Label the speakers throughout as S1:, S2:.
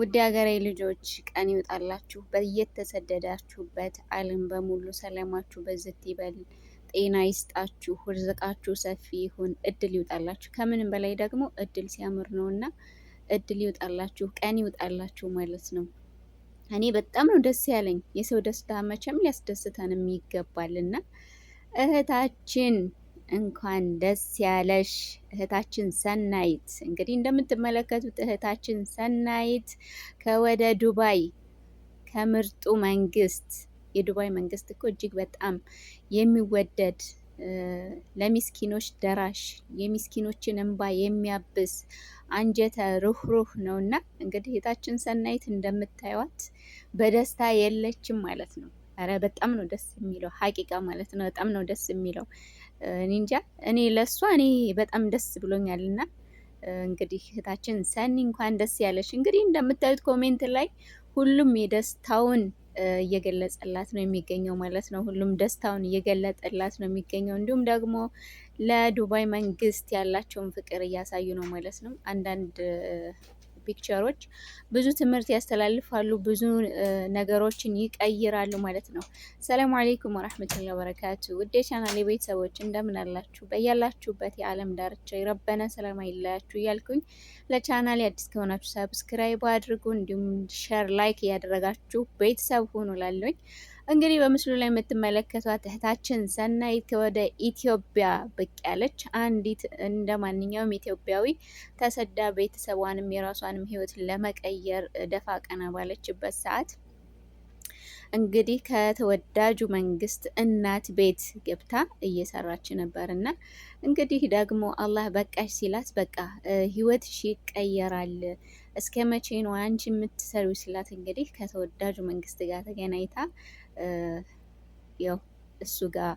S1: ውድ ሀገሬ ልጆች ቀን ይውጣላችሁ። በየተሰደዳችሁበት ዓለም በሙሉ ሰላማችሁ በዝት ይበል፣ ጤና ይስጣችሁ፣ ርዝቃችሁ ሰፊ ይሁን፣ እድል ይውጣላችሁ። ከምንም በላይ ደግሞ እድል ሲያምር ነው እና እድል ይውጣላችሁ፣ ቀን ይውጣላችሁ ማለት ነው። እኔ በጣም ነው ደስ ያለኝ። የሰው ደስታ መቼም ሊያስደስተንም ይገባልና እህታችን እንኳን ደስ ያለሽ እህታችን ሰናይት። እንግዲህ እንደምትመለከቱት እህታችን ሰናይት ከወደ ዱባይ ከምርጡ መንግስት፣ የዱባይ መንግስት እኮ እጅግ በጣም የሚወደድ ለሚስኪኖች ደራሽ የሚስኪኖችን እንባ የሚያብስ አንጀተ ሩህሩህ እና እንግዲህ እህታችን ሰናይት እንደምታዩት በደስታ የለችም ማለት ነው። ኧረ በጣም ነው ደስ የሚለው ሀቂቃ ማለት ነው። በጣም ነው ደስ የሚለው እኔ እንጃ እኔ ለእሷ እኔ በጣም ደስ ብሎኛል። እና እንግዲህ እህታችን ሰኒ እንኳን ደስ ያለሽ። እንግዲህ እንደምታዩት ኮሜንት ላይ ሁሉም የደስታውን እየገለጸላት ነው የሚገኘው ማለት ነው። ሁሉም ደስታውን እየገለጠላት ነው የሚገኘው። እንዲሁም ደግሞ ለዱባይ መንግስት ያላቸውን ፍቅር እያሳዩ ነው ማለት ነው አንዳንድ ፒክቸሮች ብዙ ትምህርት ያስተላልፋሉ፣ ብዙ ነገሮችን ይቀይራሉ ማለት ነው። ሰላም አሌይኩም ወራህመቱላ ወበረካቱ። ውድ የቻናሌ ቤተሰቦች እንደምን አላችሁ? በያላችሁበት የዓለም ዳርቻ የረበነ ሰላም አይለያችሁ እያልኩኝ ለቻናሌ አዲስ ከሆናችሁ ሰብስክራይብ አድርጉ፣ እንዲሁም ሸር ላይክ እያደረጋችሁ ቤተሰብ ሆኑ ላለኝ እንግዲህ በምስሉ ላይ የምትመለከቷት እህታችን ሰናይት ወደ ኢትዮጵያ ብቅ ያለች አንዲት እንደ ማንኛውም ኢትዮጵያዊ ተሰዳ ቤተሰቧንም የራሷንም ሕይወት ለመቀየር ደፋ ቀና ባለችበት ሰዓት እንግዲህ ከተወዳጁ መንግስት እናት ቤት ገብታ እየሰራች ነበር እና እንግዲህ ደግሞ አላህ በቃሽ ሲላት በቃ ህይወትሽ ይቀየራል እስከ መቼ ነው አንቺ የምትሰሪው ሲላት እንግዲህ ከተወዳጁ መንግስት ጋር ተገናኝታ ያው እሱ ጋር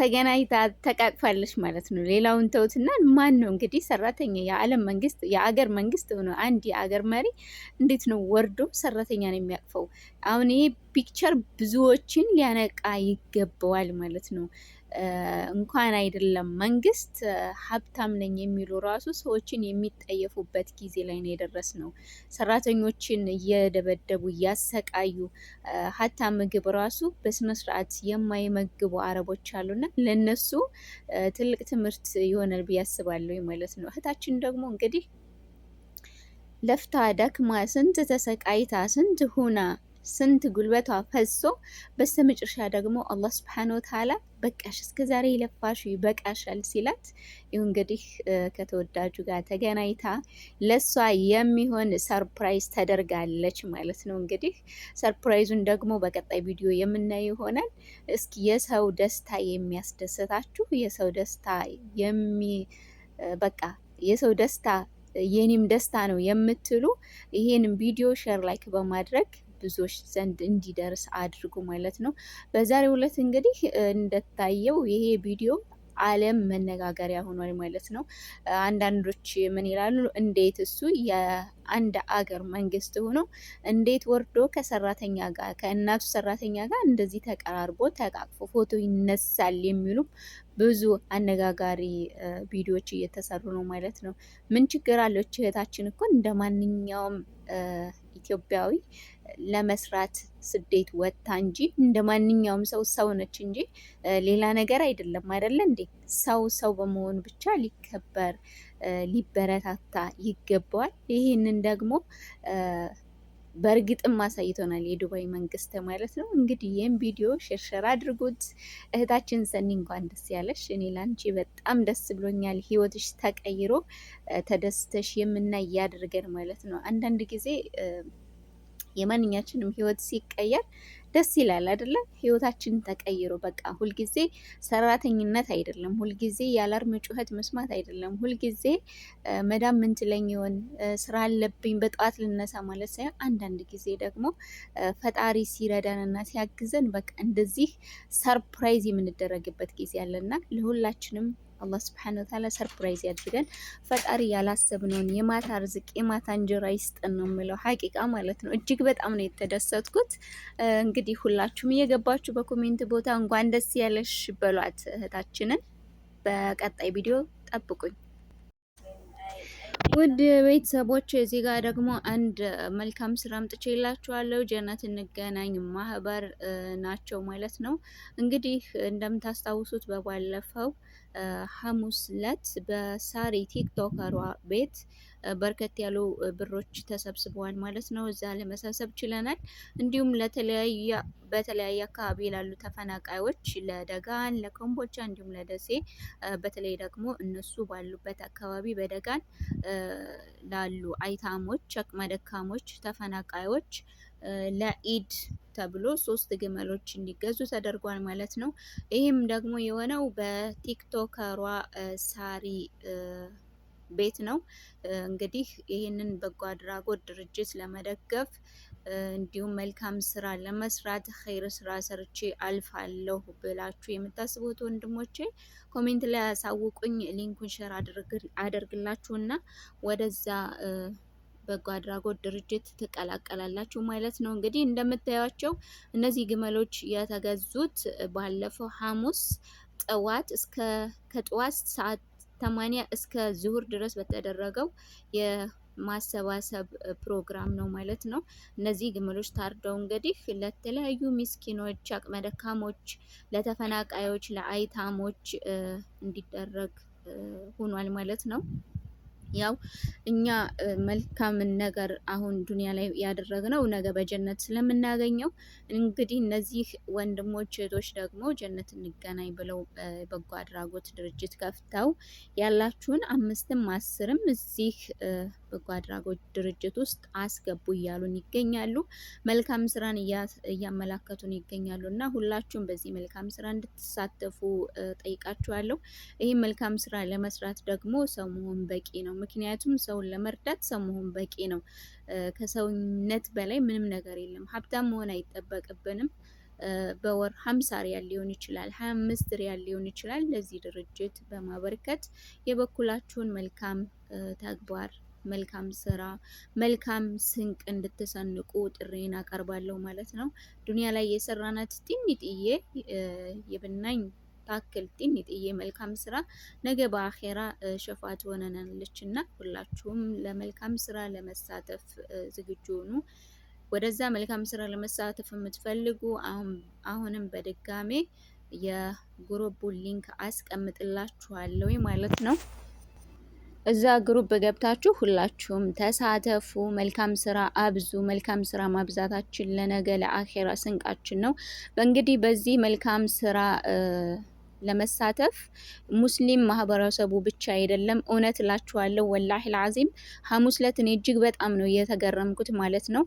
S1: ተገናኝታ ተቃቅፋለች ማለት ነው። ሌላውን ተውትና ማን ነው እንግዲህ ሰራተኛ የዓለም መንግስት የአገር መንግስት ሆነ አንድ የአገር መሪ እንዴት ነው ወርዶ ሰራተኛ ነው የሚያቅፈው? አሁን ይሄ ፒክቸር ብዙዎችን ሊያነቃ ይገባዋል ማለት ነው። እንኳን አይደለም መንግስት ሀብታም ነኝ የሚሉ ራሱ ሰዎችን የሚጠየፉበት ጊዜ ላይ ነው የደረስ ነው። ሰራተኞችን እየደበደቡ እያሰቃዩ ሀታ ምግብ ራሱ በስነ ስርዓት የማይመግቡ አረቦች አሉና ለነሱ ትልቅ ትምህርት ይሆናል ብዬ አስባለሁ ማለት ነው። እህታችን ደግሞ እንግዲህ ለፍታ ደክማ ስንት ተሰቃይታ ስንት ሁና ስንት ጉልበቷ ፈሶ በስተመጨረሻ ደግሞ አላህ ስብሐነሁ ወተዓላ በቃሽ እስከ ዛሬ የለፋሽ ይበቃሻል ሲላት፣ ይሁን እንግዲህ ከተወዳጁ ጋር ተገናኝታ ለሷ የሚሆን ሰርፕራይዝ ተደርጋለች ማለት ነው። እንግዲህ ሰርፕራይዙን ደግሞ በቀጣይ ቪዲዮ የምናየው ይሆናል። እስኪ የሰው ደስታ የሚያስደስታችሁ የሰው ደስታ የሚ በቃ የሰው ደስታ የኔም ደስታ ነው የምትሉ ይሄን ቪዲዮ ሼር ላይክ በማድረግ ብዙዎች ዘንድ እንዲደርስ አድርጉ ማለት ነው። በዛሬው ዕለት እንግዲህ እንደታየው ይሄ ቪዲዮ ዓለም መነጋገሪያ ሆኗል ማለት ነው። አንዳንዶች ምን ይላሉ? እንዴት እሱ የአንድ አገር መንግስት ሆኖ እንዴት ወርዶ ከሰራተኛ ጋር ከእናቱ ሰራተኛ ጋር እንደዚህ ተቀራርቦ ተቃቅፎ ፎቶ ይነሳል የሚሉ ብዙ አነጋጋሪ ቪዲዮዎች እየተሰሩ ነው ማለት ነው። ምን ችግር አለው? እህታችን እኮ እንደ ማንኛውም ኢትዮጵያዊ ለመስራት ስደት ወጥታ እንጂ እንደ ማንኛውም ሰው ሰው ነች እንጂ ሌላ ነገር አይደለም። አይደለ እንዴ? ሰው ሰው በመሆኑ ብቻ ሊከበር ሊበረታታ ይገባዋል። ይህንን ደግሞ በእርግጥም አሳይቶናል የዱባይ መንግስት ማለት ነው። እንግዲህ ይህም ቪዲዮ ሽርሽር አድርጉት። እህታችን ሰኒ እንኳን ደስ ያለሽ። እኔ ላንቺ በጣም ደስ ብሎኛል። ህይወትሽ ተቀይሮ ተደስተሽ የምናይ ያድርገን ማለት ነው። አንዳንድ ጊዜ የማንኛችንም ህይወት ሲቀየር ደስ ይላል አይደለ? ህይወታችን ተቀይሮ በቃ ሁልጊዜ ሰራተኝነት አይደለም፣ ሁልጊዜ የአላርም ጩኸት መስማት አይደለም፣ ሁልጊዜ መዳም ምን ትለኝ ይሆን ስራ አለብኝ በጠዋት ልነሳ ማለት ሳይሆን አንዳንድ ጊዜ ደግሞ ፈጣሪ ሲረዳንና ሲያግዘን በቃ እንደዚህ ሰርፕራይዝ የምንደረግበት ጊዜ አለና ለሁላችንም አላህ ስብሐነ ወተዓላ ሰርፕራይዝ ያድርገን። ፈጣሪ ያላሰብነውን የማታ ርዝቅ የማታ እንጀራ ይስጠን ነው የምለው ሀቂቃ ማለት ነው። እጅግ በጣም ነው የተደሰትኩት። እንግዲህ ሁላችሁም እየገባችሁ በኮሜንት ቦታ እንኳን ደስ ያለሽ በሏት እህታችንን። በቀጣይ ቪዲዮ ጠብቁኝ። ውድ ቤተሰቦች እዚህ ጋር ደግሞ አንድ መልካም ስራ አምጥቼላችኋለሁ። ጀነት እንገናኝ ማህበር ናቸው ማለት ነው። እንግዲህ እንደምታስታውሱት በባለፈው ሐሙስ ዕለት በሳሪ ቲክቶከሯ ቤት በርከት ያሉ ብሮች ተሰብስበዋል ማለት ነው። እዛ ለመሰብሰብ ችለናል። እንዲሁም ለተለያየ በተለያየ አካባቢ ላሉ ተፈናቃዮች ለደጋን፣ ለኮምቦቻ እንዲሁም ለደሴ በተለይ ደግሞ እነሱ ባሉበት አካባቢ በደጋን ላሉ አይታሞች፣ አቅመ ደካሞች ተፈናቃዮች ለኢድ ተብሎ ሶስት ግመሎች እንዲገዙ ተደርጓል ማለት ነው። ይህም ደግሞ የሆነው በቲክቶከሯ ሳሪ ቤት ነው። እንግዲህ ይህንን በጎ አድራጎት ድርጅት ለመደገፍ እንዲሁም መልካም ስራ ለመስራት ኸይር ስራ ሰርቼ አልፋለሁ ብላችሁ የምታስቡት ወንድሞቼ ኮሜንት ላይ ያሳውቁኝ። ሊንኩን ሸር አደርግላችሁና ወደዛ በጎ አድራጎት ድርጅት ትቀላቀላላችሁ ማለት ነው። እንግዲህ እንደምታዩቸው እነዚህ ግመሎች የተገዙት ባለፈው ሐሙስ ጠዋት እስከ ከጠዋት ሰዓት ከሰማንያ እስከ ዙሁር ድረስ በተደረገው የማሰባሰብ ፕሮግራም ነው ማለት ነው። እነዚህ ግመሎች ታርደው እንግዲህ ለተለያዩ ሚስኪኖች፣ አቅመ ደካሞች፣ ለተፈናቃዮች፣ ለአይታሞች እንዲደረግ ሆኗል ማለት ነው። ያው እኛ መልካምን ነገር አሁን ዱንያ ላይ ያደረግነው ነገ በጀነት ስለምናገኘው፣ እንግዲህ እነዚህ ወንድሞች እህቶች ደግሞ ጀነት እንገናኝ ብለው በጎ አድራጎት ድርጅት ከፍተው ያላችሁን አምስትም አስርም እዚህ በጎ አድራጎት ድርጅት ውስጥ አስገቡ እያሉን ይገኛሉ። መልካም ስራን እያመላከቱን ይገኛሉ እና ሁላችሁም በዚህ መልካም ስራ እንድትሳተፉ ጠይቃችኋለሁ። ይህ መልካም ስራ ለመስራት ደግሞ ሰው መሆን በቂ ነው። ምክንያቱም ሰውን ለመርዳት ሰው መሆን በቂ ነው። ከሰውነት በላይ ምንም ነገር የለም። ሀብታም መሆን አይጠበቅብንም። በወር ሀምሳ ሪያል ሊሆን ይችላል፣ አምስት ሪያል ሊሆን ይችላል። ለዚህ ድርጅት በማበርከት የበኩላችሁን መልካም ተግባር መልካም ስራ፣ መልካም ስንቅ እንድትሰንቁ ጥሬን አቀርባለሁ ማለት ነው። ዱኒያ ላይ የሰራናት ጢኒጥዬ የብናኝ ታክል ጢኒጥዬ መልካም ስራ ነገ በአኼራ ሸፋ ትሆነናለች እና ሁላችሁም ለመልካም ስራ ለመሳተፍ ዝግጁ ሆኑ። ወደዛ መልካም ስራ ለመሳተፍ የምትፈልጉ አሁንም በድጋሜ የጉሩቡን ሊንክ አስቀምጥላችኋለሁ ማለት ነው። እዛ ግሩፕ ገብታችሁ ሁላችሁም ተሳተፉ። መልካም ስራ አብዙ። መልካም ስራ ማብዛታችን ለነገ ለአኼራ ስንቃችን ነው። በእንግዲህ በዚህ መልካም ስራ ለመሳተፍ ሙስሊም ማህበረሰቡ ብቻ አይደለም። እውነት እላችኋለሁ ወላሂ ለአዚም ሐሙስ ዕለት እኔ እጅግ በጣም ነው እየተገረምኩት ማለት ነው።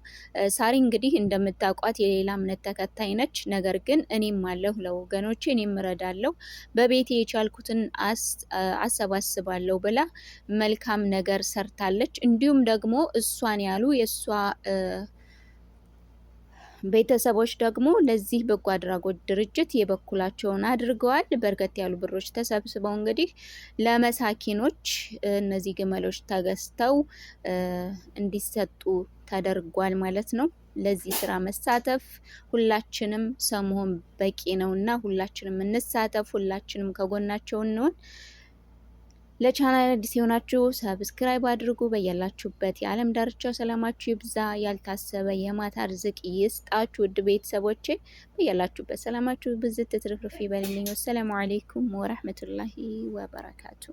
S1: ሳሪ እንግዲህ እንደምታውቋት የሌላ እምነት ተከታይ ነች። ነገር ግን እኔም አለሁ ለወገኖቼ፣ እኔም እረዳለሁ፣ በቤቴ የቻልኩትን አሰባስባለሁ ብላ መልካም ነገር ሰርታለች። እንዲሁም ደግሞ እሷን ያሉ የእሷ ቤተሰቦች ደግሞ ለዚህ በጎ አድራጎት ድርጅት የበኩላቸውን አድርገዋል። በርከት ያሉ ብሮች ተሰብስበው እንግዲህ ለመሳኪኖች እነዚህ ግመሎች ተገዝተው እንዲሰጡ ተደርጓል ማለት ነው። ለዚህ ስራ መሳተፍ ሁላችንም ሰው በቂ ነው እና ሁላችንም እንሳተፍ፣ ሁላችንም ከጎናቸው እንሆን። ለቻናል አዲስ የሆናችሁ ሰብስክራይብ አድርጉ። በያላችሁበት የዓለም ዳርቻው ሰላማችሁ ይብዛ። ያልታሰበ የማታ ርዝቅ ይስጣችሁ። ውድ ቤተሰቦቼ በያላችሁበት ሰላማችሁ ብዝት ትርፍርፍ ይበልልኝ። ወሰላሙ አሌይኩም ወረህመቱላሂ ወበረካቱ